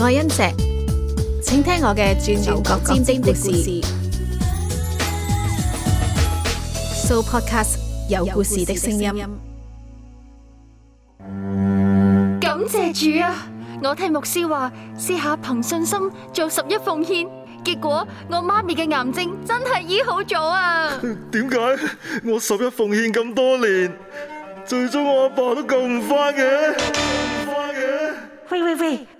愛恩姐，請聽我嘅鑽牛角尖尖的故事。So podcast 有故事的聲音。感謝主啊！我聽牧師話，試下憑信心做十一奉獻，結果我媽咪嘅癌症真係醫好咗啊！點解我十一奉獻咁多年，最終我阿爸都救唔翻嘅？救唔翻嘅？喂喂喂！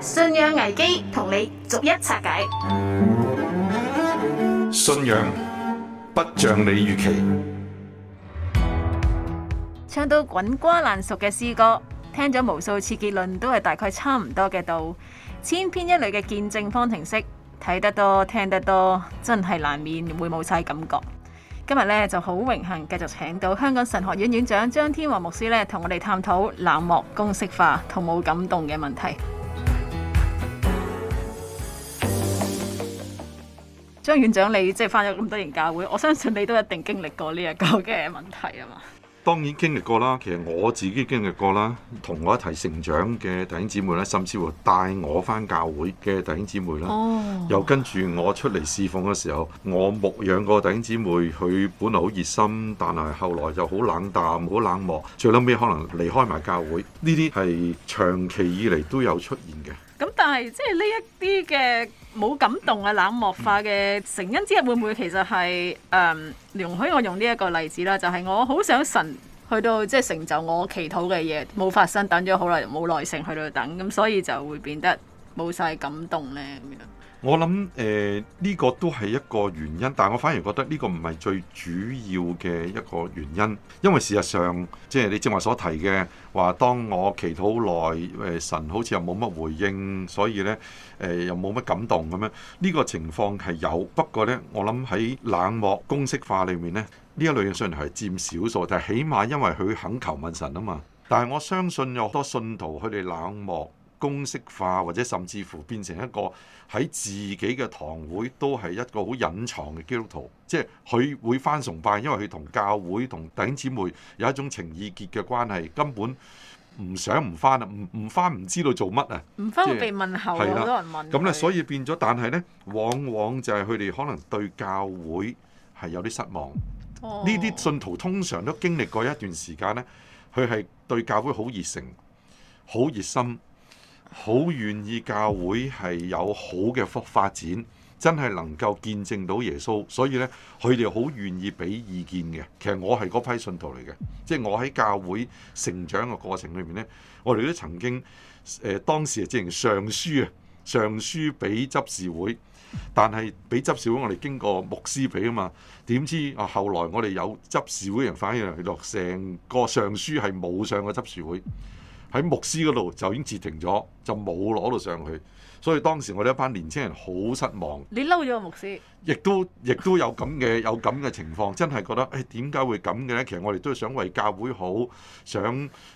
信仰危機同你逐一拆解，信仰不像你預期。唱到滾瓜爛熟嘅詩歌，聽咗無數次結論都係大概差唔多嘅道，千篇一律嘅見證方程式，睇得多聽得多，真係難免會冇晒感覺。今日咧就好榮幸，繼續請到香港神學院院長張天華牧師咧，同我哋探討冷漠、公式化同冇感動嘅問題。張 院長，你即係返咗咁多年教會，我相信你都一定經歷過呢一個嘅問題啊嘛。當然經歷過啦，其實我自己經歷過啦，同我一齊成長嘅弟兄姊妹咧，甚至乎帶我返教會嘅弟兄姊妹啦，oh. 又跟住我出嚟侍奉嘅時候，我牧養過弟兄姊妹，佢本來好熱心，但係後來就好冷淡、好冷漠，最後尾可能離開埋教會。呢啲係長期以嚟都有出現嘅。咁但係即係呢一啲嘅冇感動嘅冷漠化嘅成因之一，會唔會其實係誒、嗯、容許我用呢一個例子啦？就係、是、我好想神去到即係、就是、成就我祈禱嘅嘢冇發生等，等咗好耐，冇耐性去到等，咁所以就會變得冇晒感動呢。咁樣。我諗誒呢個都係一個原因，但係我反而覺得呢個唔係最主要嘅一個原因，因為事實上即係、就是、你正話所提嘅話，當我祈禱好耐，誒、呃、神好似又冇乜回應，所以呢，誒、呃、又冇乜感動咁樣。呢、這個情況係有，不過呢，我諗喺冷漠公式化裏面呢，呢一類嘅信徒係佔少數，但係起碼因為佢肯求問神啊嘛。但係我相信有好多信徒佢哋冷漠。公式化或者甚至乎變成一個喺自己嘅堂會都係一個好隱藏嘅基督徒，即係佢會翻崇拜，因為佢同教會同弟兄姊妹有一種情意結嘅關係，根本唔想唔翻啊！唔唔翻唔知道做乜啊！唔翻會被問候，好、就是、多人問。咁咧，所以變咗，但係咧，往往就係佢哋可能對教會係有啲失望。呢啲、哦、信徒通常都經歷過一段時間咧，佢係對教會好熱誠、好熱心。好願意教會係有好嘅福發展，真係能夠見證到耶穌，所以呢，佢哋好願意俾意見嘅。其實我係嗰批信徒嚟嘅，即係我喺教會成長嘅過程裏面呢，我哋都曾經誒、呃、當時啊，即係上書啊，上書俾執事會，但係俾執事會我哋經過牧師俾啊嘛，點知啊後來我哋有執事會人反映，落成個上書係冇上過執事會，喺牧師嗰度就已經截停咗，就冇攞到上去，所以當時我哋一班年青人好失望你。你嬲咗個牧師？亦都亦都有咁嘅有咁嘅情況，真係覺得誒，點解會咁嘅呢？其實我哋都係想為教會好，想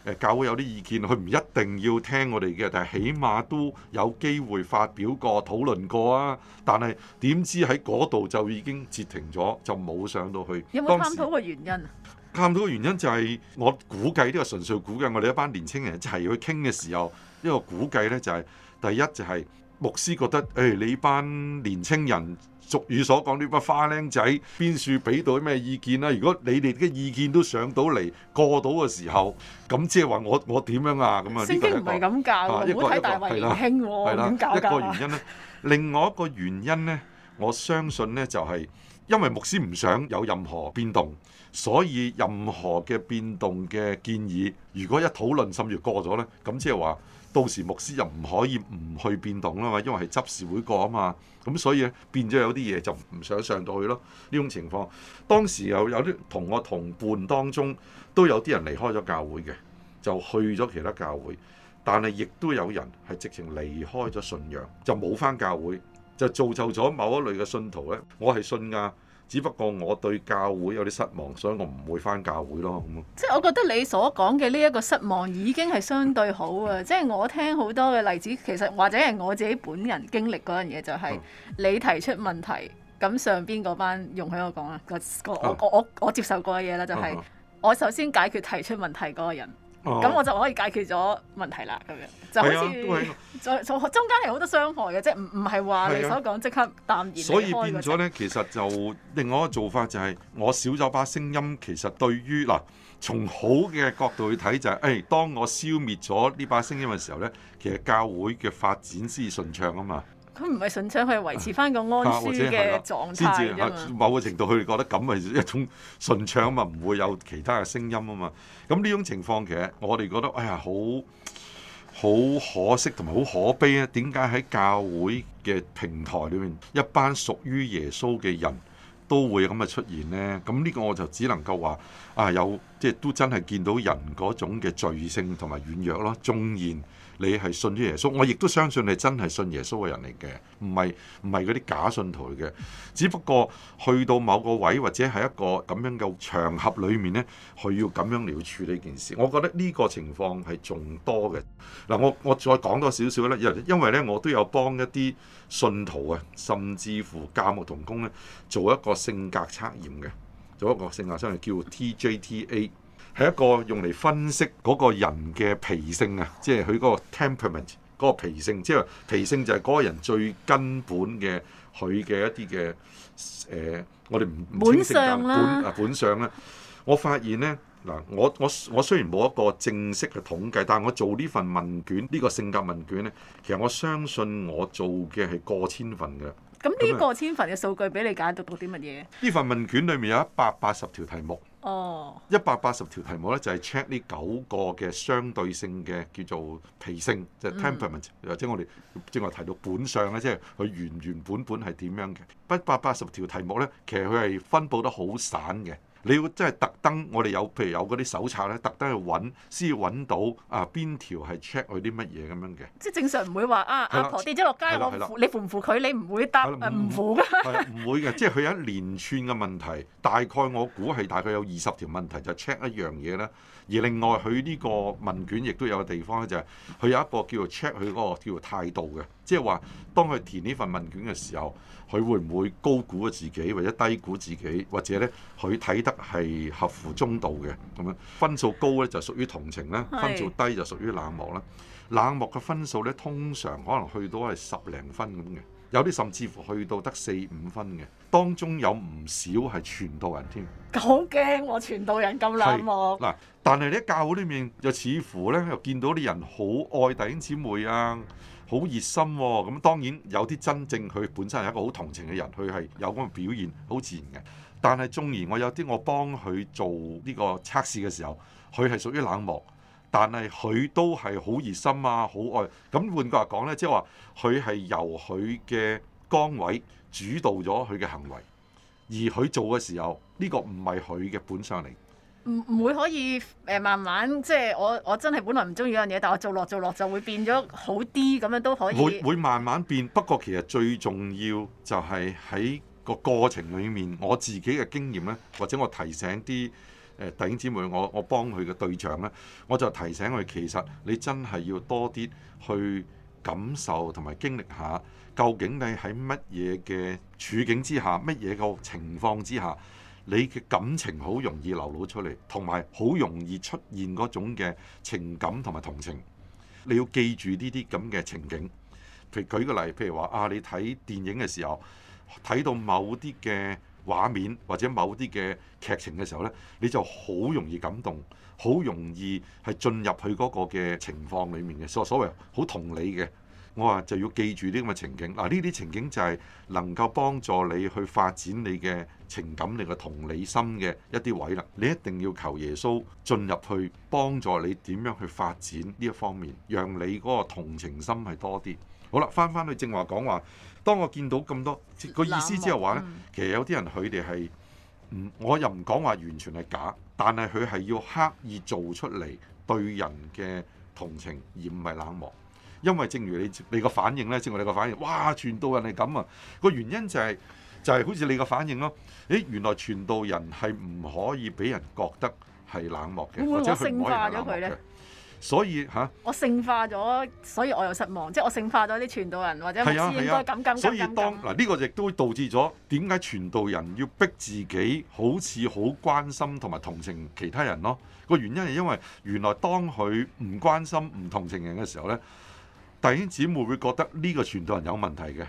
誒教會有啲意見，佢唔一定要聽我哋嘅，但係起碼都有機會發表過，討論過啊。但係點知喺嗰度就已經截停咗，就冇上到去。有冇探討個原因？探到嘅原因就係我估計呢個純粹估計，我哋一班年青人一齊去傾嘅時候，呢個估計咧就係第一就係牧師覺得，誒你班年青人俗語所講呢班花靚仔邊處俾到啲咩意見啦？如果你哋嘅意見都上到嚟過到嘅時候，咁即係話我我點樣啊咁啊？聖經唔係咁教，唔好睇大衛年輕喎，點搞㗎？一個原因咧，另外一個原因咧，我相信咧就係因為牧師唔想有任何變動。所以任何嘅變動嘅建議，如果一討論甚至過咗呢，咁即係話到時牧師又唔可以唔去變動吖嘛，因為係執事會過啊嘛。咁所以變咗有啲嘢就唔想上到去咯。呢種情況，當時又有啲同我同伴當中都有啲人離開咗教會嘅，就去咗其他教會。但係亦都有人係直情離開咗信仰，就冇返教會，就造就咗某一類嘅信徒。呢我係信㗎。只不過我對教會有啲失望，所以我唔會翻教會咯。咁即係我覺得你所講嘅呢一個失望已經係相對好啊！ 即係我聽好多嘅例子，其實或者係我自己本人經歷嗰樣嘢，就係你提出問題，咁 上邊嗰班容許我講啊，個個我 我我，我，我接受過嘅嘢啦，就係我首先解決提出問題嗰個人。咁、哦、我就可以解決咗問題啦，咁樣就好似在、啊、中間係好多傷害嘅，即係唔唔係話你所講即、啊、刻淡然所以變咗呢，其實就另外一個做法就係、是、我少咗把聲音，其實對於嗱、呃、從好嘅角度去睇就係、是，誒、哎、當我消滅咗呢把聲音嘅時候呢，其實教會嘅發展先順暢啊嘛。佢唔係順暢，佢係維持翻個安舒嘅狀態啊！某個程度佢哋覺得咁係一種順暢啊嘛，唔、嗯、會有其他嘅聲音啊嘛。咁呢種情況其實我哋覺得，哎呀，好好可惜同埋好可悲啊！點解喺教會嘅平台裏面，一班屬於耶穌嘅人都會有咁嘅出現呢？咁呢個我就只能夠話啊，有即係都真係見到人嗰種嘅罪性同埋軟弱咯，縱然。你係信咗耶穌，我亦都相信你係真係信耶穌嘅人嚟嘅，唔係唔係嗰啲假信徒嚟嘅。只不過去到某個位或者喺一個咁樣嘅場合裏面呢，佢要咁樣嚟去處理件事。我覺得呢個情況係仲多嘅。嗱，我我再講多少少啦，因因為咧，我都有幫一啲信徒啊，甚至乎教牧同工咧，做一個性格測驗嘅，做一個性格測驗叫 TJTA。係一個用嚟分析嗰個人嘅脾性啊，即係佢嗰個 temperament，嗰個脾性，即係脾性就係嗰個人最根本嘅佢嘅一啲嘅，誒，我哋唔本相性格本本相咧、啊。我發現咧嗱，我我我雖然冇一個正式嘅統計，但係我做呢份問卷呢、這個性格問卷咧，其實我相信我做嘅係過千份噶。咁呢過千份嘅數據俾你解讀到啲乜嘢？呢份問卷裏面有一百八十條題目。哦，一百八十條題目咧就係、是、check 呢九個嘅相對性嘅叫做脾性，即係、temperament，又或者、mm. 我哋正話提到本相咧，即係佢原原本本係點樣嘅。一百八十條題目咧，其實佢係分布得好散嘅。你要真係特登，我哋有譬如有嗰啲手冊咧，特登去揾先揾到啊，邊條係 check 佢啲乜嘢咁樣嘅。即係正常唔會話啊，阿婆跌咗落街，我扶你扶唔扶佢？你唔會答唔扶㗎。唔會嘅，即係佢有一連串嘅問題，大概我估係大概有二十條問題就 check 一樣嘢啦。而另外佢呢個問卷亦都有個地方咧，就係佢有一個叫做 check 佢嗰個叫做態度嘅，即係話當佢填呢份問卷嘅時候。佢會唔會高估咗自己，或者低估自己，或者呢，佢睇得係合乎中道嘅咁樣，分數高呢就屬於同情啦，是分數低就屬於冷漠啦。冷漠嘅分數呢，通常可能去到係十零分咁嘅，有啲甚至乎去到得四五分嘅，當中有唔少係傳道人添。好驚喎，傳道人咁冷漠。嗱，但係呢，教會裏面又似乎呢，又見到啲人好愛弟兄姊妹啊。好熱心喎，哦，咁當然有啲真正佢本身係一個好同情嘅人，佢係有咁嘅表現，好自然嘅。但係縱然，我有啲我幫佢做呢個測試嘅時候，佢係屬於冷漠，但係佢都係好熱心啊，好愛。咁換句話講呢，即係話佢係由佢嘅崗位主導咗佢嘅行為，而佢做嘅時候，呢、這個唔係佢嘅本相嚟。唔唔，會可以誒，慢慢，即係我我真係本來唔中意樣嘢，但我做落做落就會變咗好啲，咁樣都可以。會會慢慢變，不過其實最重要就係喺個過程裡面，我自己嘅經驗呢，或者我提醒啲誒、呃、弟兄姊妹我，我我幫佢嘅對象呢，我就提醒佢，其實你真係要多啲去感受同埋經歷下，究竟你喺乜嘢嘅處境之下，乜嘢個情況之下。你嘅感情好容易流露出嚟，同埋好容易出現嗰種嘅情感同埋同情。你要記住呢啲咁嘅情景，譬如舉個例，譬如話啊，你睇電影嘅時候睇到某啲嘅畫面或者某啲嘅劇情嘅時候呢，你就好容易感動，好容易係進入佢嗰個嘅情況裡面嘅所所謂好同理嘅。我話就要記住呢咁嘅情景，嗱，呢啲情景就係能夠幫助你去發展你嘅情感、你嘅同理心嘅一啲位啦。你一定要求耶穌進入去幫助你點樣去發展呢一方面，讓你嗰個同情心係多啲。好啦，翻翻去正話講話，當我見到咁多個意思之後，即係話呢其實有啲人佢哋係唔，我又唔講話完全係假，但係佢係要刻意做出嚟對人嘅同情，而唔係冷漠。因為正如你你個反應咧，正如你個反應，哇！傳道人係咁啊，個原因就係、是、就係、是、好似你個反應咯。誒，原來傳道人係唔可以俾人覺得係冷漠嘅，即係、嗯嗯、我聖化咗佢咧。所以嚇，啊、我聖化咗，所以我又失望，即係我聖化咗啲傳道人，或者唔應該咁咁咁。所以當嗱呢、啊呢個亦都會導致咗點解傳道人要逼自己好似好關心同埋同情其他人咯、啊？個原因係因為原來當佢唔關心唔同情人嘅時候咧。弟兄姊妹會覺得呢個傳道人有問題嘅，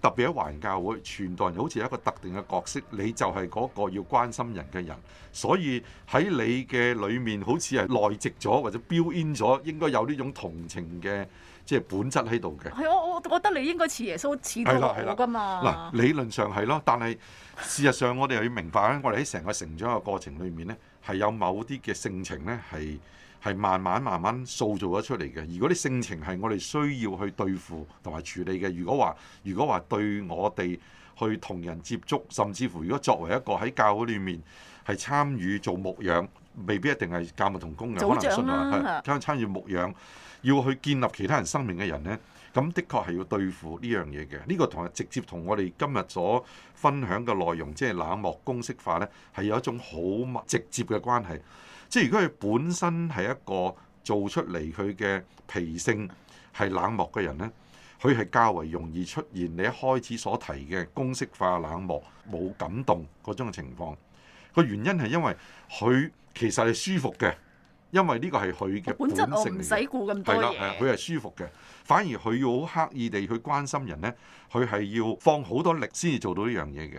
特別喺華人教會，傳道人好似一個特定嘅角色，你就係嗰個要關心人嘅人，所以喺你嘅裡面好似係內植咗或者 build in 咗，應該有呢種同情嘅即係本質喺度嘅。係，我我覺得你應該似耶穌似主嘛。嗱理論上係咯，但係事實上我哋又要明白咧，我哋喺成個成長嘅過程裡面咧，係有某啲嘅性情咧係。係慢慢慢慢塑造咗出嚟嘅。如果啲性情係我哋需要去對付同埋處理嘅，如果話如果話對我哋去同人接觸，甚至乎如果作為一個喺教會裏面係參與做牧養，未必一定係教牧同工人組長、啊、可能信啊，參參與牧養要去建立其他人生命嘅人呢，咁的確係要對付呢樣嘢嘅。呢個同直接同我哋今日所分享嘅內容，即係冷漠公式化呢，係有一種好密切嘅關係。即係如果佢本身係一個做出嚟佢嘅脾性係冷漠嘅人咧，佢係較為容易出現你一開始所提嘅公式化冷漠、冇感動嗰種嘅情況。個原因係因為佢其實係舒服嘅，因為呢個係佢嘅本質，性。唔使顧咁多嘢。係啦，佢係舒服嘅，反而佢要好刻意地去關心人咧，佢係要放好多力先至做到呢樣嘢嘅。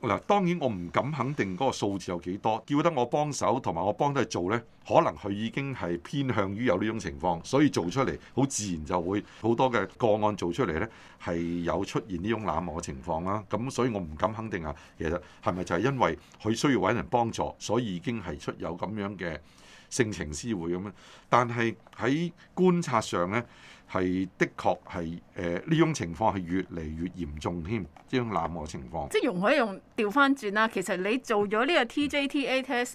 嗱，當然我唔敢肯定嗰個數字有幾多，叫得我幫手同埋我幫得做呢，可能佢已經係偏向於有呢種情況，所以做出嚟好自然就會好多嘅個案做出嚟呢，係有出現呢種冷漠嘅情況啦。咁所以我唔敢肯定啊，其實係咪就係因為佢需要揾人幫助，所以已經係出有咁樣嘅。性情思會咁樣，但係喺觀察上咧，係的確係誒呢種情況係越嚟越嚴重添，呢種冷漠情況。即係容許用調翻轉啦，其實你做咗呢個 TJTA Test，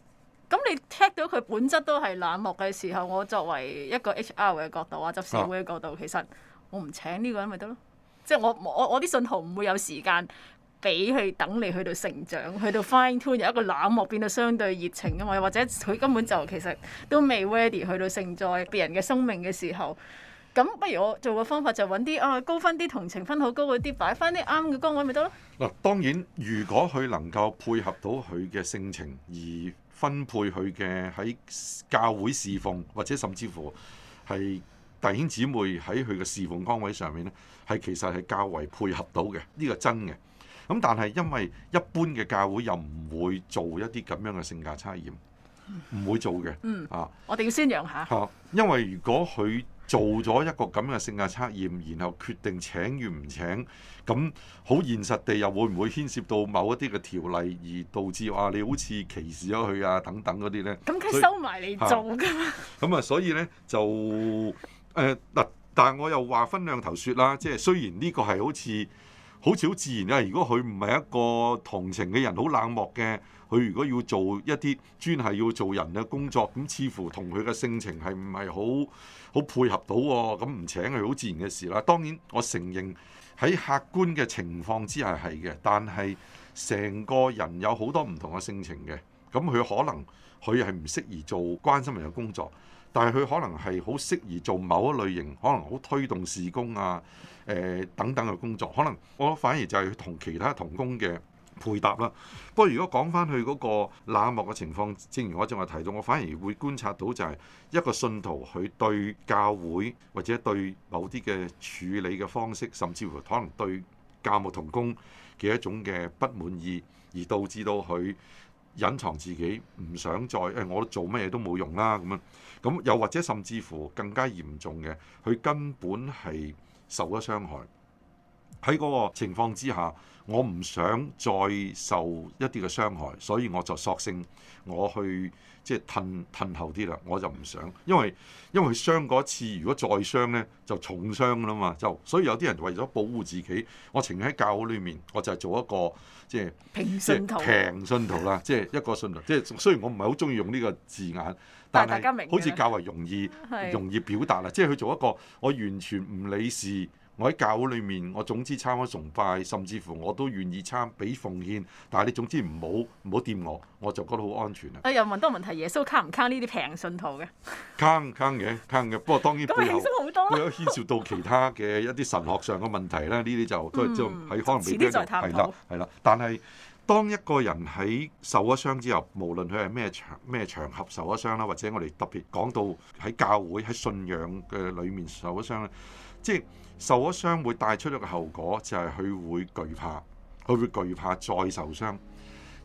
咁你 check 到佢本質都係冷漠嘅時候，我作為一個 HR 嘅角度啊，就社會嘅角度，其實我唔請呢個人咪得咯，啊、即係我我我啲信號唔會有時間。俾佢等你去到成長，去到 fine tune 有一個冷漠變到相對熱情㗎嘛，又或者佢根本就其實都未 ready 去到盛載別人嘅生命嘅時候，咁不如我做個方法就揾啲啊高分啲同情分好高嗰啲，擺翻啲啱嘅崗位咪得咯。嗱，當然如果佢能夠配合到佢嘅性情而分配佢嘅喺教會侍奉，或者甚至乎係弟兄姊妹喺佢嘅侍奉崗位上面呢，係其實係較為配合到嘅，呢個真嘅。咁但係因為一般嘅教會又唔會做一啲咁樣嘅性格測驗，唔、嗯、會做嘅。嗯，啊，我哋要宣揚下。好，因為如果佢做咗一個咁樣嘅性格測驗，然後決定請與唔請，咁好現實地又會唔會牽涉到某一啲嘅條例，而導致話、啊、你好似歧視咗佢啊等等嗰啲咧？咁佢收埋嚟做噶嘛？咁啊、嗯嗯，所以咧就誒嗱、呃，但係我又話分兩頭說啦，即係雖然呢個係好似。好似好自然啊，如果佢唔係一個同情嘅人，好冷漠嘅，佢如果要做一啲專係要做人嘅工作，咁似乎同佢嘅性情係唔係好好配合到，咁唔請佢好自然嘅事啦。當然，我承認喺客觀嘅情況之下，係嘅，但係成個人有好多唔同嘅性情嘅，咁佢可能佢係唔適宜做關心人嘅工作，但係，佢可能係好適宜做某一類型，可能好推動事工啊。誒等等嘅工作，可能我反而就係同其他同工嘅配搭啦。不過如果講翻去嗰個冷漠嘅情況，正如我正話提到，我反而會觀察到就係一個信徒佢對教會或者對某啲嘅處理嘅方式，甚至乎可能對教牧同工嘅一種嘅不滿意，而導致到佢隱藏自己，唔想再誒、哎，我做乜嘢都冇用啦咁樣，咁又或者甚至乎更加嚴重嘅，佢根本係。受咗傷害，喺嗰個情況之下，我唔想再受一啲嘅傷害，所以我就索性。我去即係褪褪後啲啦，我就唔想，因為因為傷過一次，如果再傷咧就重傷啦嘛，就所以有啲人為咗保護自己，我情願喺教會裏面，我就係做一個即係即係平信徒啦，的即係一個信徒，即係雖然我唔係好中意用呢個字眼，但係大家明好似較為容易容易表達啦，的即係去做一個我完全唔理事。我喺教會裏面，我總之參加崇拜，甚至乎我都願意參俾奉獻。但係你總之唔好唔好掂我，我就覺得好安全啦。哎呀，問多個問題，耶穌坑唔坑呢啲平信徒嘅？坑坑嘅，坑嘅。不過當然背後都輕鬆好多。牽涉到其他嘅一啲神學上嘅問題咧，呢啲就都係即係喺可能比較啦，係啦。但係當一個人喺受咗傷之後，無論佢係咩場咩場合受咗傷啦，或者我哋特別講到喺教會喺信仰嘅裏面受咗傷咧，即係。受咗傷會帶出一個後果，就係佢會懼怕，佢會懼怕再受傷。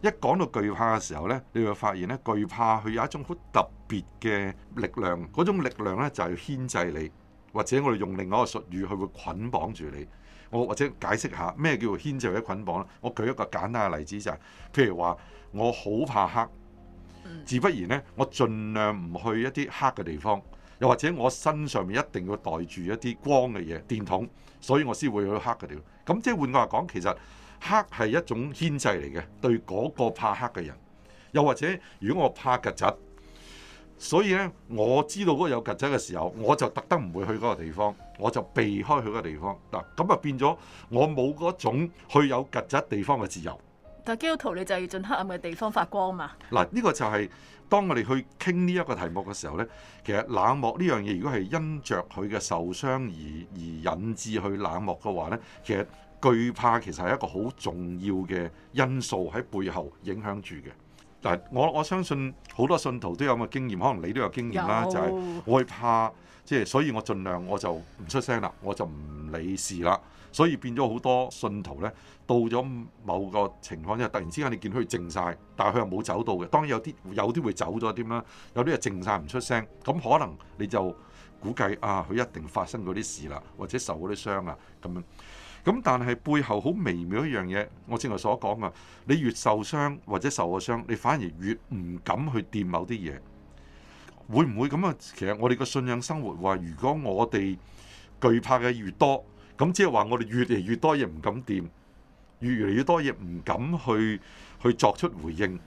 一講到懼怕嘅時候呢，你會發現呢，懼怕佢有一種好特別嘅力量，嗰種力量呢，就係牽制你，或者我哋用另外一個術語，佢會捆綁住你。我或者解釋下咩叫做牽制或者捆綁呢？我舉一個簡單嘅例子就係，譬如話我好怕黑，自不然呢，我盡量唔去一啲黑嘅地方。又或者我身上面一定要帶住一啲光嘅嘢，電筒，所以我先會去黑嘅地方。咁即係換句話講，其實黑係一種牽制嚟嘅，對嗰個怕黑嘅人。又或者，如果我怕曱甴，所以呢，我知道嗰個有曱甴嘅時候，我就特登唔會去嗰個地方，我就避開去嗰個地方。嗱，咁啊變咗我冇嗰種去有曱甴地方嘅自由。但基督徒，你就要進黑暗嘅地方發光嘛？嗱，呢個就係、是。當我哋去傾呢一個題目嘅時候呢，其實冷漠呢樣嘢，如果係因着佢嘅受傷而而引致去冷漠嘅話呢，其實懼怕其實係一個好重要嘅因素喺背後影響住嘅。但我我相信好多信徒都有咁嘅經驗，可能你都有經驗啦，有就係我怕，即係所以我盡量我就唔出聲啦，我就唔理事啦。所以變咗好多信徒呢，到咗某個情況下，因為突然之間你見佢靜晒，但係佢又冇走到嘅。當然有啲有啲會走咗啲啦，有啲係靜晒唔出聲。咁可能你就估計啊，佢一定發生嗰啲事啦，或者受嗰啲傷啊咁樣。咁但係背後好微妙一樣嘢，我正係所講啊，你越受傷或者受過傷，你反而越唔敢去掂某啲嘢。會唔會咁啊？其實我哋個信仰生活話，如果我哋懼怕嘅越多，咁即係話，我哋越嚟越多嘢唔敢掂，越嚟越多嘢唔敢去去作出回應，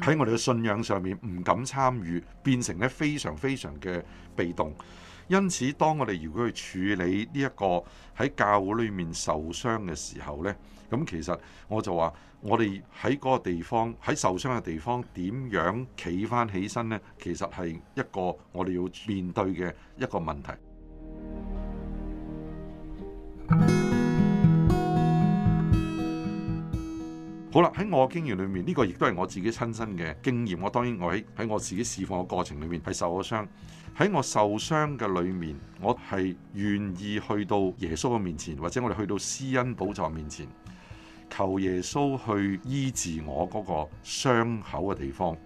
喺我哋嘅信仰上面唔敢參與，變成咧非常非常嘅被動。因此，當我哋如果去處理呢一個喺教會裏面受傷嘅時候呢，咁其實我就話，我哋喺嗰個地方喺受傷嘅地方，點樣企翻起身呢？其實係一個我哋要面對嘅一個問題。好啦，喺我嘅經驗裏面，呢個亦都係我自己親身嘅經驗。我當然我喺喺我自己釋放嘅過程裏面係受咗傷。喺我受傷嘅裏面，我係願意去到耶穌嘅面前，或者我哋去到施恩寶座面前，求耶穌去醫治我嗰個傷口嘅地方，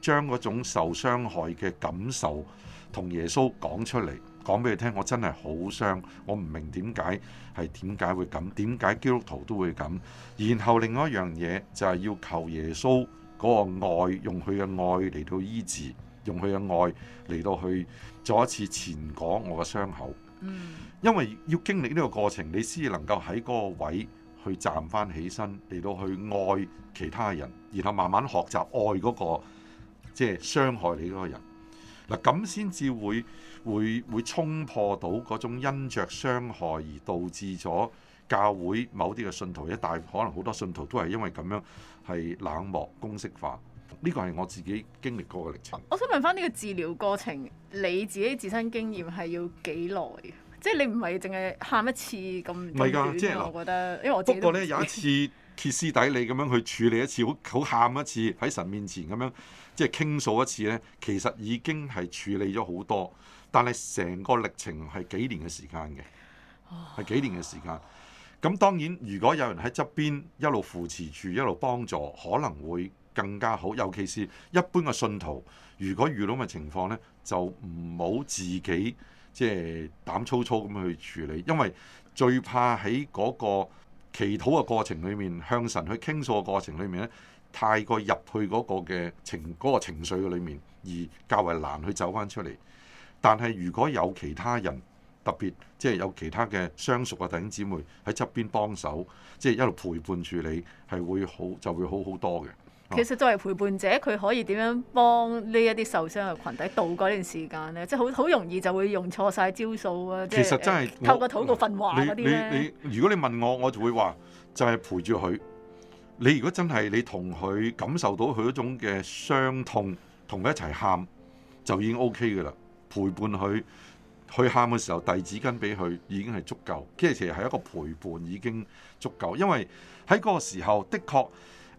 將嗰種受傷害嘅感受同耶穌講出嚟。講俾你聽，我真係好傷，我唔明點解係點解會咁，點解基督徒都會咁。然後另外一樣嘢就係、是、要求耶穌嗰個愛，用佢嘅愛嚟到醫治，用佢嘅愛嚟到去再一次前講我嘅傷口。因為要經歷呢個過程，你先能夠喺嗰個位去站翻起身，嚟到去愛其他人，然後慢慢學習愛嗰、那個即係、就是、傷害你嗰個人。嗱，咁先至會會會衝破到嗰種因着傷害而導致咗教會某啲嘅信徒，一大可能好多信徒都係因為咁樣係冷漠公式化，呢個係我自己經歷過嘅歷程。我想問翻呢個治療過程，你自己自身經驗係要幾耐？即係你唔係淨係喊一次咁短嘅。唔係㗎，即係、就是、我覺得，因為我不過咧不有一次。 歇斯底里咁樣去處理一次，好好喊一次喺神面前咁樣即係、就是、傾訴一次呢，其實已經係處理咗好多。但係成個歷程係幾年嘅時間嘅，係幾年嘅時間。咁、oh. 當然，如果有人喺側邊一路扶持住、一路幫助，可能會更加好。尤其是一般嘅信徒，如果遇到咁嘅情況呢，就唔好自己即係、就是、膽粗粗咁去處理，因為最怕喺嗰、那個。祈禱嘅過程裏面，向神去傾訴嘅過程裏面咧，太過入去嗰個嘅情嗰個情緒裏面，而較為難去走翻出嚟。但係如果有其他人特別，即係有其他嘅相熟嘅弟兄姊妹喺側邊幫手，即係一路陪伴住你，係會好就會好好多嘅。其實作為陪伴者，佢可以點樣幫呢一啲受傷嘅群體度過段時間呢？即係好好容易就會用錯晒招數啊！其實真係、欸、我透過討個訓話嗰啲你如果你問我，我就會話就係陪住佢。你如果真係你同佢感受到佢嗰種嘅傷痛，同佢一齊喊就已經 OK 㗎喇。陪伴佢，佢喊嘅時候遞紙巾俾佢已經係足夠，即係其實係一個陪伴已經足夠。因為喺嗰個時候，的確誒。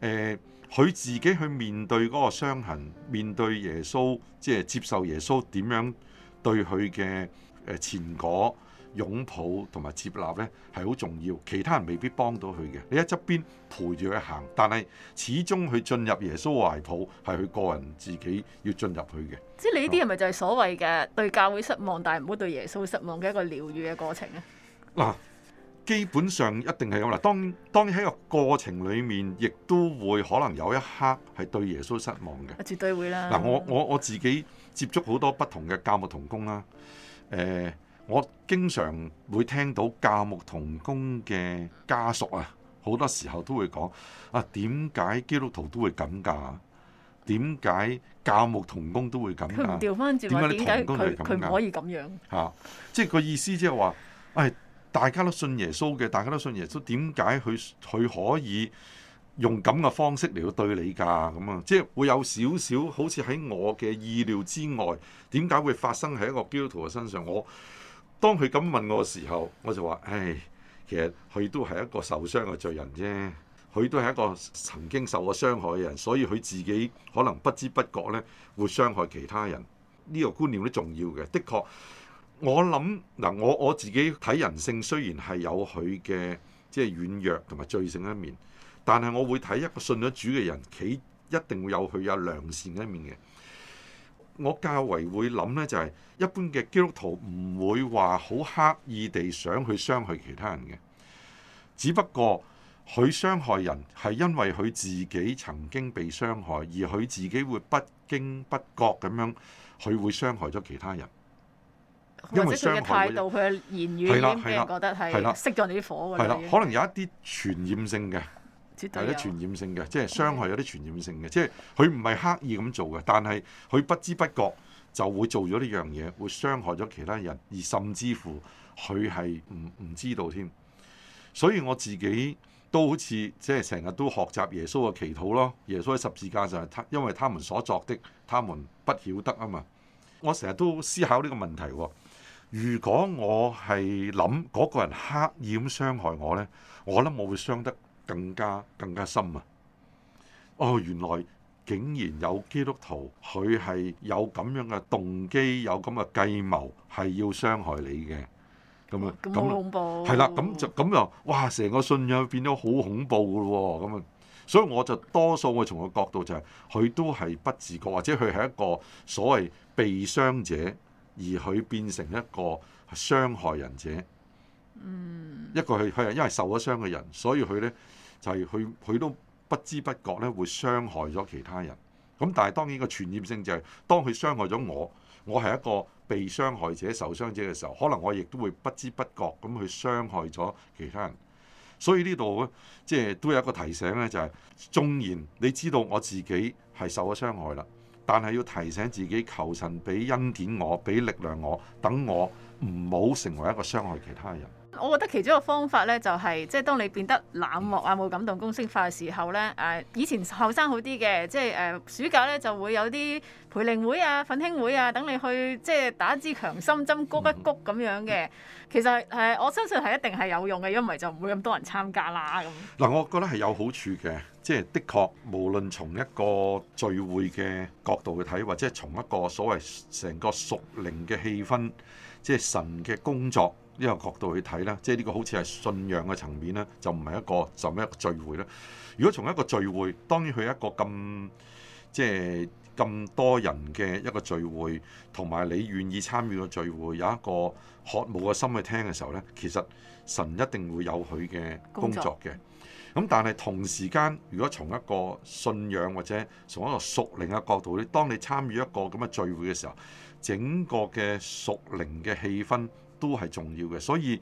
呃呃佢自己去面對嗰個傷痕，面對耶穌，即係接受耶穌點樣對佢嘅誒前果擁抱同埋接納呢？係好重要。其他人未必幫到佢嘅，你喺側邊陪住佢行，但係始終佢進入耶穌懷抱係佢個人自己要進入去嘅。即係你呢啲係咪就係所謂嘅對教會失望，但係唔好對耶穌失望嘅一個療癒嘅過程咧？嗱。啊基本上一定係咁啦，當當然喺個過程裏面，亦都會可能有一刻係對耶穌失望嘅。絕對會啦！嗱、啊，我我我自己接觸好多不同嘅教牧同工啦、啊，誒、呃，我經常會聽到教牧同工嘅家屬啊，好多時候都會講：啊，點解基督徒都會咁㗎？點解教牧同工都會咁㗎？調翻轉話點解佢佢可以咁樣？嚇、啊，即係個意思即係話，誒、哎。大家都信耶穌嘅，大家都信耶穌，點解佢佢可以用咁嘅方式嚟去對你㗎？咁啊，即係會有少少好似喺我嘅意料之外，點解會發生喺一個基督徒嘅身上？我當佢咁問我嘅時候，我就話：，唉，其實佢都係一個受傷嘅罪人啫，佢都係一個曾經受過傷害嘅人，所以佢自己可能不知不覺咧會傷害其他人。呢個觀念都重要嘅，的確。我諗嗱，我我自己睇人性，雖然係有佢嘅即係軟弱同埋罪性一面，但係我會睇一個信咗主嘅人，佢一定會有佢有良善一面嘅。我較為會諗呢，就係一般嘅基督徒唔會話好刻意地想去傷害其他人嘅，只不過佢傷害人係因為佢自己曾經被傷害，而佢自己會不經不覺咁樣，佢會傷害咗其他人。因為佢嘅態度，佢嘅言語啲咩，覺得係熄咗你啲火嘅。係啦，可能有一啲傳染性嘅，係啲傳染性嘅，即係傷害有啲傳染性嘅，嗯、即係佢唔係刻意咁做嘅，但係佢不知不覺就會做咗呢樣嘢，會傷害咗其他人，而甚至乎佢係唔唔知道添。所以我自己都好似即係成日都學習耶穌嘅祈禱咯。耶穌喺十字架上，他因為他們所作的，他們不曉得啊嘛。我成日都思考呢個問題喎。如果我係諗嗰個人刻意咁傷害我呢，我諗我會傷得更加更加深啊！哦，原來竟然有基督徒佢係有咁樣嘅動機，有咁嘅計謀係要傷害你嘅，咁樣咁恐怖係啦，咁就咁就。哇，成個信仰變咗好恐怖噶咯，咁啊！所以我就多數會從個角度就係、是、佢都係不自覺，或者佢係一個所謂被傷者。而佢變成一個傷害人者，一個係係因為受咗傷嘅人，所以佢呢就係佢佢都不知不覺呢會傷害咗其他人。咁但係當然個傳染性就係當佢傷害咗我，我係一個被傷害者、受傷者嘅時候，可能我亦都會不知不覺咁去傷害咗其他人。所以呢度，即係都有一個提醒呢，就係縱然你知道我自己係受咗傷害啦。但係要提醒自己，求神俾恩典我，俾力量我，等我唔好成為一個傷害其他人。我覺得其中一個方法咧，就係、是、即係當你變得冷漠啊、冇感動、公式化嘅時候咧，誒以前後生好啲嘅，即係誒、啊、暑假咧就會有啲培靈會啊、奮興會啊等你去，即係打支強心針、谷一谷咁樣嘅。其實誒、啊，我相信係一定係有用嘅，因為就唔會咁多人參加啦。咁嗱，我覺得係有好處嘅，即、就、係、是、的確無論從一個聚會嘅角度去睇，或者從一個所謂成個屬靈嘅氣氛，即、就、係、是、神嘅工作。呢個角度去睇啦，即係呢個好似係信仰嘅層面咧，就唔係一個就咩一個聚會咧。如果從一個聚會，當然佢一個咁即係咁多人嘅一個聚會，同埋你願意參與個聚會，有一個渴慕嘅心去聽嘅時候咧，其實神一定會有佢嘅工作嘅。咁作但係同時間，如果從一個信仰或者從一個屬靈嘅角度，你當你參與一個咁嘅聚會嘅時候，整個嘅屬靈嘅氣氛。都係重要嘅，所以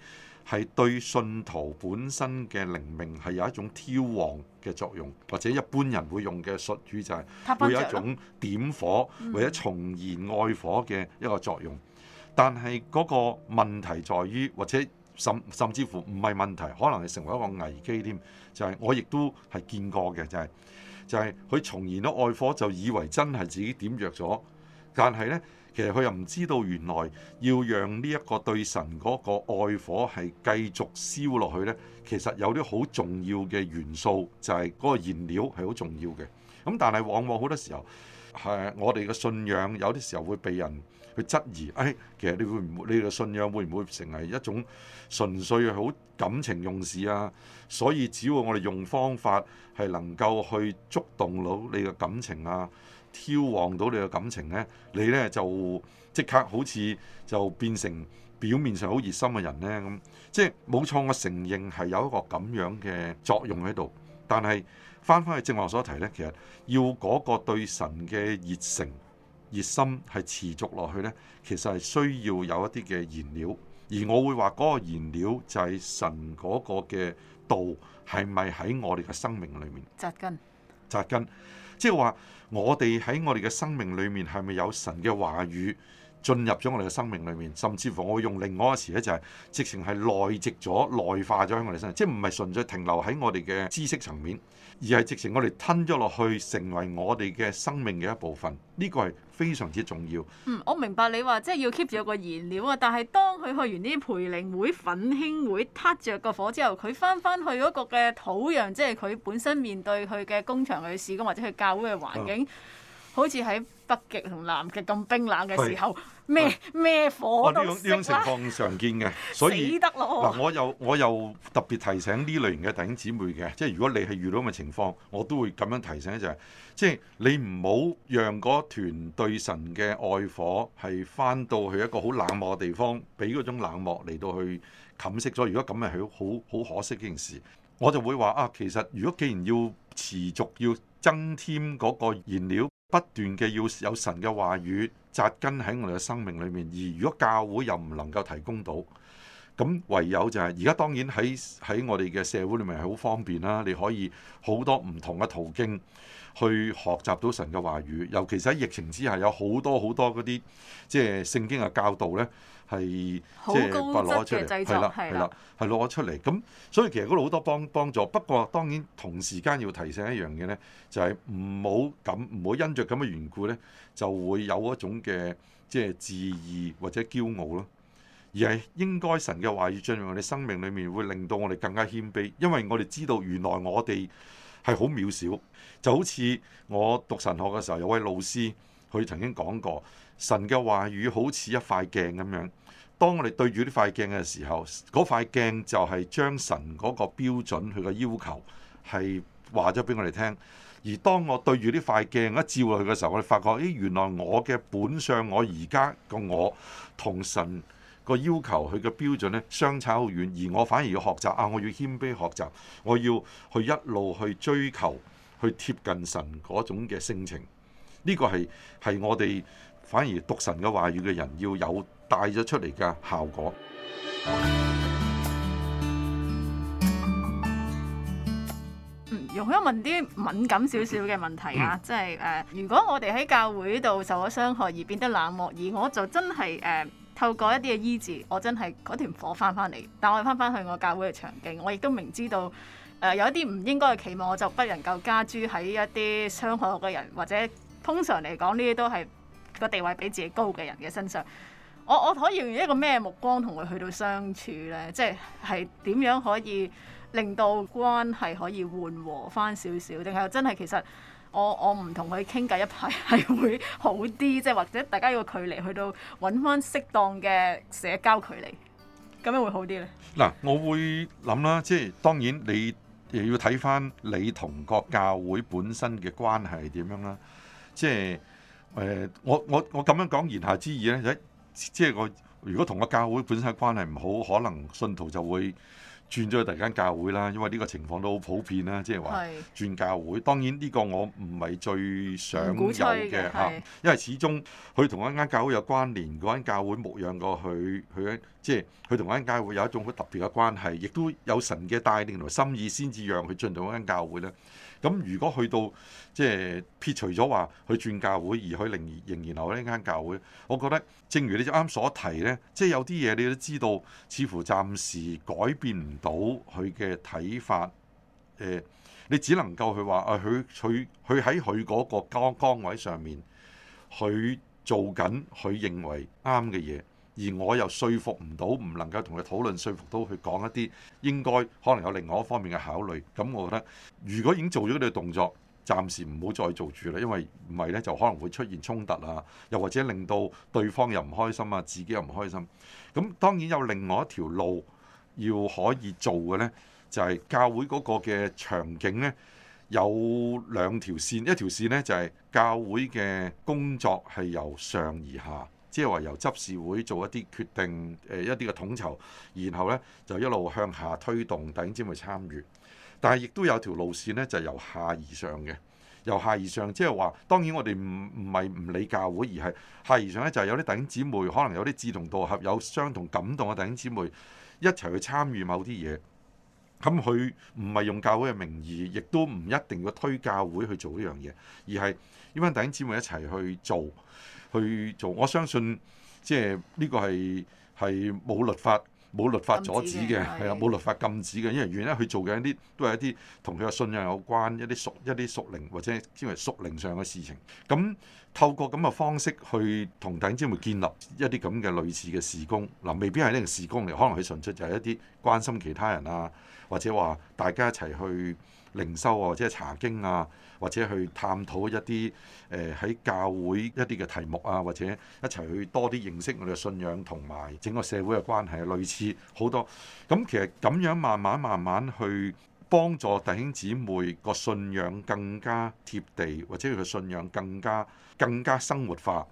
係對信徒本身嘅靈命係有一種挑旺嘅作用，或者一般人會用嘅術語就係會有一種點火或者重燃愛火嘅一個作用。但係嗰個問題在於，或者甚甚至乎唔係問題，可能係成為一個危機添。就係我亦都係見過嘅，就係就係佢重燃咗愛火，就以為真係自己點着咗，但係呢。其實佢又唔知道，原來要讓呢一個對神嗰個愛火係繼續燒落去呢。其實有啲好重要嘅元素就係、是、嗰個燃料係好重要嘅。咁但係往往好多時候，誒我哋嘅信仰有啲時候會被人去質疑，誒、哎、其實你會唔會你嘅信仰會唔會成為一種純粹好感情用事啊？所以只要我哋用方法係能夠去觸動到你嘅感情啊！挑旺到你嘅感情呢，你呢就即刻好似就變成表面上好熱心嘅人呢。咁、嗯、即係冇錯，我承認係有一個咁樣嘅作用喺度。但係翻返去正話所提呢，其實要嗰個對神嘅熱誠熱心係持續落去呢，其實係需要有一啲嘅燃料。而我會話嗰個燃料就係神嗰個嘅道，係咪喺我哋嘅生命裏面扎根？扎根。即係話，我哋喺我哋嘅生命裏面係咪有神嘅話語進入咗我哋嘅生命裏面？甚至乎我會用另外一個詞咧，就係直情係內植咗、內化咗喺我哋身上，即係唔係純粹停留喺我哋嘅知識層面。而係直情我哋吞咗落去，成為我哋嘅生命嘅一部分，呢個係非常之重要。嗯，我明白你話，即係要 keep 住有個燃料啊。但係當佢去完呢啲培靈會、奮興會，撻着個火之後，佢翻翻去嗰個嘅土壤，即係佢本身面對佢嘅工場嘅事工，或者佢教會嘅環境。嗯好似喺北極同南極咁冰冷嘅時候，咩咩是麼火都熄啦！呢、啊、種呢種情況常見嘅，所以 死得咯了！嗱、啊，我又我又特別提醒呢類型嘅弟兄姊妹嘅，即係如果你係遇到咁嘅情況，我都會咁樣提醒就係、是，即、就、係、是、你唔好讓嗰團對神嘅愛火係翻到去一個好冷漠嘅地方，俾嗰種冷漠嚟到去冚熄咗。如果咁嘅係好好可惜嘅一件事，我就會話啊，其實如果既然要持續要增添嗰個燃料。不斷嘅要有神嘅話語紮根喺我哋嘅生命裏面，而如果教會又唔能夠提供到，咁唯有就係而家，當然喺喺我哋嘅社會裏面係好方便啦，你可以好多唔同嘅途徑去學習到神嘅話語，尤其是喺疫情之下有很多很多，有好多好多嗰啲即係聖經嘅教導咧。係即係，擺攞出嚟，係啦，係啦，係攞咗出嚟。咁所以其實嗰度好多幫幫助。不過當然同時間要提醒一樣嘢咧，就係唔好咁唔好因着咁嘅緣故咧，就會有一種嘅即係自義或者驕傲咯。而係應該神嘅話語進入我哋生命裏面，會令到我哋更加謙卑，因為我哋知道原來我哋係好渺小。就好似我讀神學嘅時候，有位老師佢曾經講過，神嘅話語好似一塊鏡咁樣。當我哋對住呢塊鏡嘅時候，嗰塊鏡就係將神嗰個標準佢個要求係話咗俾我哋聽。而當我對住呢塊鏡一照落去嘅時候，我哋發覺，咦、欸，原來我嘅本相，我而家個我同神個要求佢嘅標準咧相差好遠，而我反而要學習啊！我要謙卑學習，我要去一路去追求去貼近神嗰種嘅性情。呢個係係我哋反而讀神嘅話語嘅人要有。帶咗出嚟嘅效果。嗯，容許我問啲敏感少少嘅問題啊，即係誒，如果我哋喺教會度受咗傷害而變得冷漠，而我就真係誒、呃、透過一啲嘅醫治，我真係嗰團火翻翻嚟。但我翻翻去我教會嘅場景，我亦都明知道誒、呃、有一啲唔應該嘅期望，我就不能夠加諸喺一啲傷害我嘅人，或者通常嚟講呢啲都係個地位比自己高嘅人嘅身上。我我可以用一個咩目光同佢去到相處咧？即係係點樣可以令到關係可以緩和翻少少？定係真係其實我我唔同佢傾偈一排係會好啲？即係或者大家要個距離去到揾翻適當嘅社交距離，咁樣會好啲咧？嗱，我會諗啦，即係當然你又要睇翻你同個教會本身嘅關係點樣啦。即係誒，我我我咁樣講言下之意咧，就係。即係我如果同個教會本身嘅關係唔好，可能信徒就會轉咗去第二間教會啦。因為呢個情況都好普遍啦，即係話轉教會。當然呢個我唔係最想有嘅嚇，因為始終佢同一間教會有關聯，嗰間教會牧養過佢，佢即係佢同嗰間教會有一種好特別嘅關係，亦都有神嘅帶領同心意先至讓佢進到嗰間教會咧。咁如果去到即係撇除咗話去轉教會，而佢仍仍然留喺呢間教會，我覺得正如你啱啱所提呢，即係有啲嘢你都知道，似乎暫時改變唔到佢嘅睇法。誒、呃，你只能夠去話啊，佢佢佢喺佢嗰個崗崗位上面，佢做緊佢認為啱嘅嘢。而我又說服唔到，唔能夠同佢討論，說服到佢講一啲應該可能有另外一方面嘅考慮。咁我覺得，如果已經做咗呢個動作，暫時唔好再做住啦，因為唔係咧就可能會出現衝突啊，又或者令到對方又唔開心啊，自己又唔開心。咁當然有另外一條路要可以做嘅呢，就係教會嗰個嘅場景呢，有兩條線，一條線呢，就係教會嘅工作係由上而下。即係話由執事會做一啲決定，誒、呃、一啲嘅統籌，然後咧就一路向下推動弟兄姊妹參與。但係亦都有條路線咧，就係、由下而上嘅，由下而上。即係話，當然我哋唔唔係唔理教會，而係下而上咧，就係、係、有啲弟兄姊妹可能有啲志同道合、有相同感動嘅弟兄姊妹一齊去參與某啲嘢。咁佢唔係用教會嘅名義，亦都唔一定要推教會去做呢樣嘢，而係呢班弟兄姊妹一齊去做。去做，我相信即係呢個係係冇律法冇律法阻止嘅，係啊冇律法禁止嘅，因為原來去做嘅一啲都係一啲同佢嘅信仰有關，一啲屬一啲屬靈或者稱為屬靈上嘅事情。咁透過咁嘅方式去同弟兄姊妹建立一啲咁嘅類似嘅事工，嗱未必係呢個事工嚟，可能佢純粹就係一啲關心其他人啊，或者話大家一齊去。靈修啊，或者係查經啊，或者去探討一啲誒喺教會一啲嘅題目啊，或者一齊去多啲認識我哋嘅信仰同埋整個社會嘅關係，類似好多。咁其實咁樣慢慢慢慢去幫助弟兄姊妹個信仰更加貼地，或者佢嘅信仰更加更加生活化，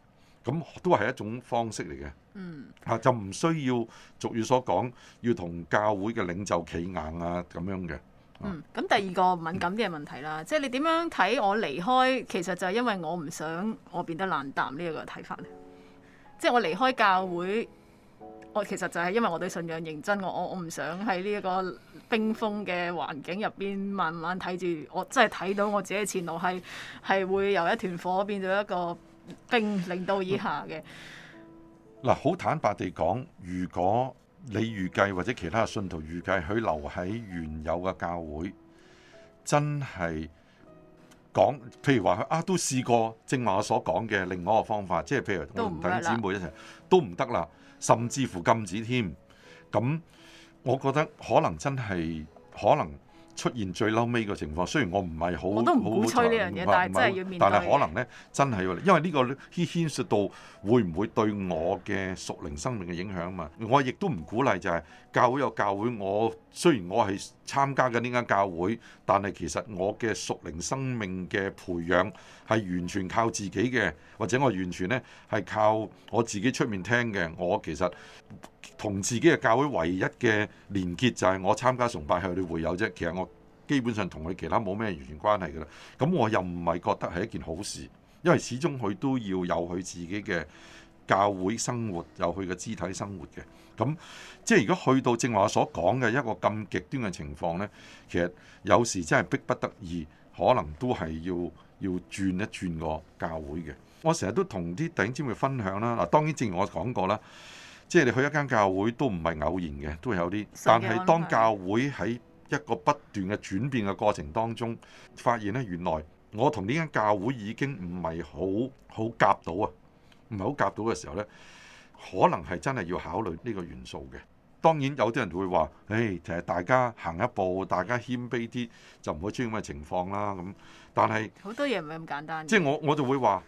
咁都係一種方式嚟嘅。嗯，嚇就唔需要俗語所講要同教會嘅領袖企硬啊咁樣嘅。嗯，咁第二個敏感啲嘅問題啦，嗯、即係你點樣睇我離開？其實就係因為我唔想我變得冷淡呢一個睇法咧。即係我離開教會，我其實就係因為我對信仰認真，我我我唔想喺呢一個冰封嘅環境入邊，慢慢睇住我真係睇到我自己嘅前路係係會由一團火變咗一個冰零度以下嘅。嗱、嗯，好坦白地講，如果你預計或者其他信徒預計佢留喺原有嘅教會，真係講，譬如話佢啊，都試過，正話我所講嘅另外一個方法，即係譬如我唔等姊妹一齊都唔得啦，甚至乎禁止添。咁我覺得可能真係可能。出現最嬲尾嘅情況，雖然我唔係好，我都唔鼓吹呢樣嘢，難但係真係要面對。但係可能咧，真係要，因為呢個牽涉到會唔會對我嘅屬靈生命嘅影響啊嘛。我亦都唔鼓勵就係教會有教會，我雖然我係參加緊呢間教會，但係其實我嘅屬靈生命嘅培養係完全靠自己嘅，或者我完全咧係靠我自己出面聽嘅。我其實。同自己嘅教會唯一嘅連結就係我參加崇拜佢嘅會友啫。其實我基本上同佢其他冇咩完全關係嘅啦。咁我又唔係覺得係一件好事，因為始終佢都要有佢自己嘅教會生活，有佢嘅肢體生活嘅。咁即係如果去到正話我所講嘅一個咁極端嘅情況呢，其實有時真係逼不得已，可能都係要要轉一轉個教會嘅。我成日都同啲頂尖嘅分享啦。嗱，當然正如我講過啦。即係你去一間教會都唔係偶然嘅，都有啲。但係當教會喺一個不斷嘅轉變嘅過程當中，發現咧原來我同呢間教會已經唔係好好夾到啊，唔係好夾到嘅時候咧，可能係真係要考慮呢個元素嘅。當然有啲人會話：誒、哎，其實大家行一步，大家謙卑啲，就唔會出現咁嘅情況啦。咁，但係好多嘢唔係咁簡單。即係我我就會話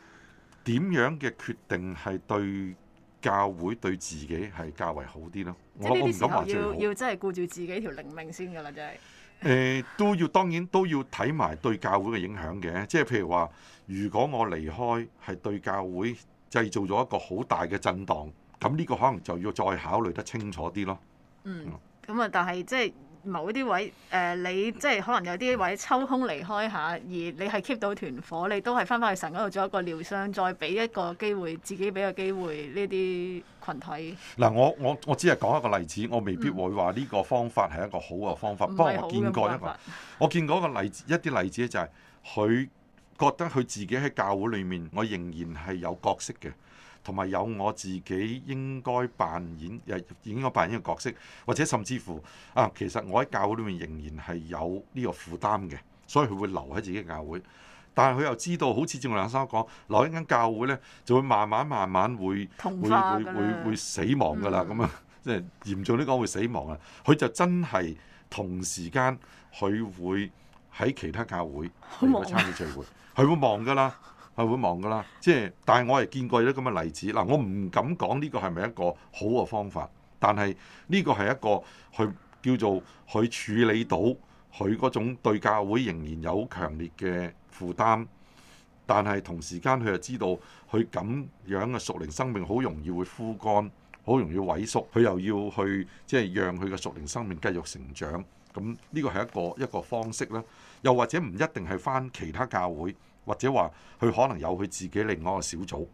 點樣嘅決定係對。教會對自己係較為好啲咯，我我唔敢話要要真係顧住自己條靈命先㗎啦，真係。誒、 呃、都要，當然都要睇埋對教會嘅影響嘅。即係譬如話，如果我離開係對教會製造咗一個好大嘅震盪，咁呢個可能就要再考慮得清楚啲咯。嗯，咁啊、就是，但係即係。某啲位誒、呃，你即係可能有啲位抽空離開下，而你係 keep 到團火，你都係翻返去神嗰度做一個療傷，再俾一個機會自己俾個機會呢啲群體。嗱，我我我只係講一個例子，我未必會話呢個方法係一個好嘅方法，嗯、不過我見過一個，我見過一個例子，一啲例子咧、就係，就係佢覺得佢自己喺教會裏面，我仍然係有角色嘅。同埋有我自己應該扮演誒應該扮演嘅角色，或者甚至乎啊，其實我喺教會裏面仍然係有呢個負擔嘅，所以佢會留喺自己嘅教會。但係佢又知道，好似正趙良生講，留喺間教會咧，就會慢慢慢慢會會會會，會死亡㗎啦。咁啊、嗯，即係嚴重啲講會死亡啊。佢就真係同時間佢會喺其他教會嚟參加聚會，佢會忙㗎啦。係會忙㗎啦，即係，但係我係見過啲咁嘅例子嗱，我唔敢講呢個係咪一個好嘅方法，但係呢個係一個去叫做佢處理到佢嗰種對教會仍然有強烈嘅負擔，但係同時間佢又知道佢咁樣嘅熟齡生命好容易會枯乾，好容易萎縮，佢又要去即係讓佢嘅熟齡生命繼續成長，咁呢個係一個一個方式啦，又或者唔一定係返其他教會。或者話佢可能有佢自己另外一個小組，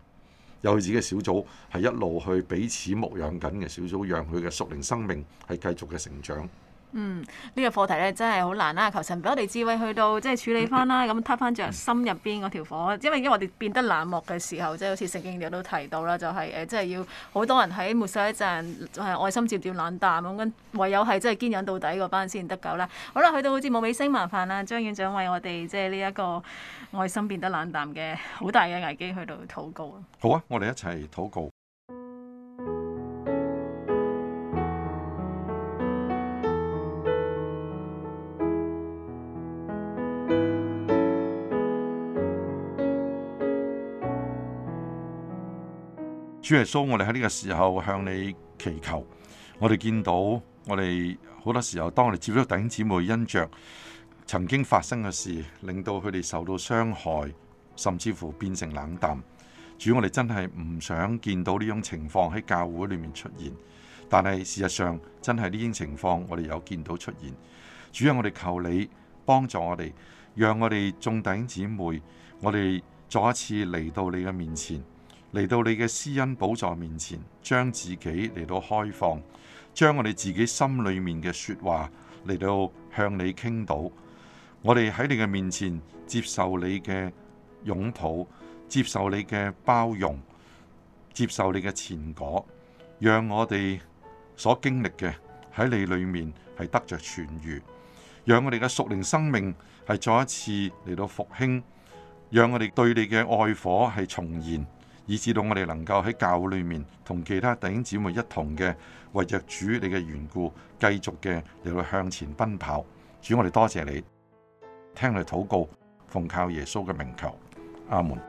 有佢自己小組係一路去彼此牧養緊嘅小組，讓佢嘅屬靈生命係繼續嘅成長。嗯，這個、課呢個課題咧真係好難啦，啊！求神俾我哋智慧去到即係處理翻啦，咁撻翻着心入邊嗰條火，因為而家我哋變得冷漠嘅時候，即係好似聖經裡都提到啦，就係、是、誒，即係要好多人喺末世一陣係愛心漸漸冷淡，咁跟唯有係真係堅忍到底嗰班先得救啦，啊。好啦，去到好似冇尾聲麻煩啦，張院長為我哋即係呢一個愛心變得冷淡嘅好大嘅危機去到禱告。好啊，我哋一齊禱告。主耶穌，我哋喺呢個時候向你祈求。我哋見到，我哋好多時候，當我哋接觸弟兄姊妹因着曾經發生嘅事，令到佢哋受到傷害，甚至乎變成冷淡。主，我哋真係唔想見到呢種情況喺教會裏面出現。但係事實上，真係呢種情況我哋有見到出現。主啊，我哋求你幫助我哋，讓我哋眾弟兄姊妹，我哋再一次嚟到你嘅面前。嚟到你嘅施恩寶座面前，將自己嚟到開放，將我哋自己心裏面嘅說話嚟到向你傾倒。我哋喺你嘅面前接受你嘅擁抱，接受你嘅包容，接受你嘅前果，讓我哋所經歷嘅喺你裏面係得着痊癒，讓我哋嘅屬靈生命係再一次嚟到復興，讓我哋對你嘅愛火係重燃，以至到我哋能夠喺教會裏面同其他弟兄姊妹一同嘅為着主你嘅緣故，繼續嘅嚟去向前奔跑。主，我哋多謝、謝你，聽你禱告，奉靠耶穌嘅名求，阿門。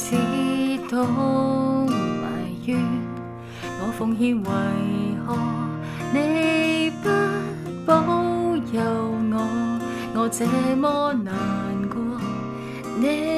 知道埋怨，我奉獻為何你不保佑我？我這麼難過，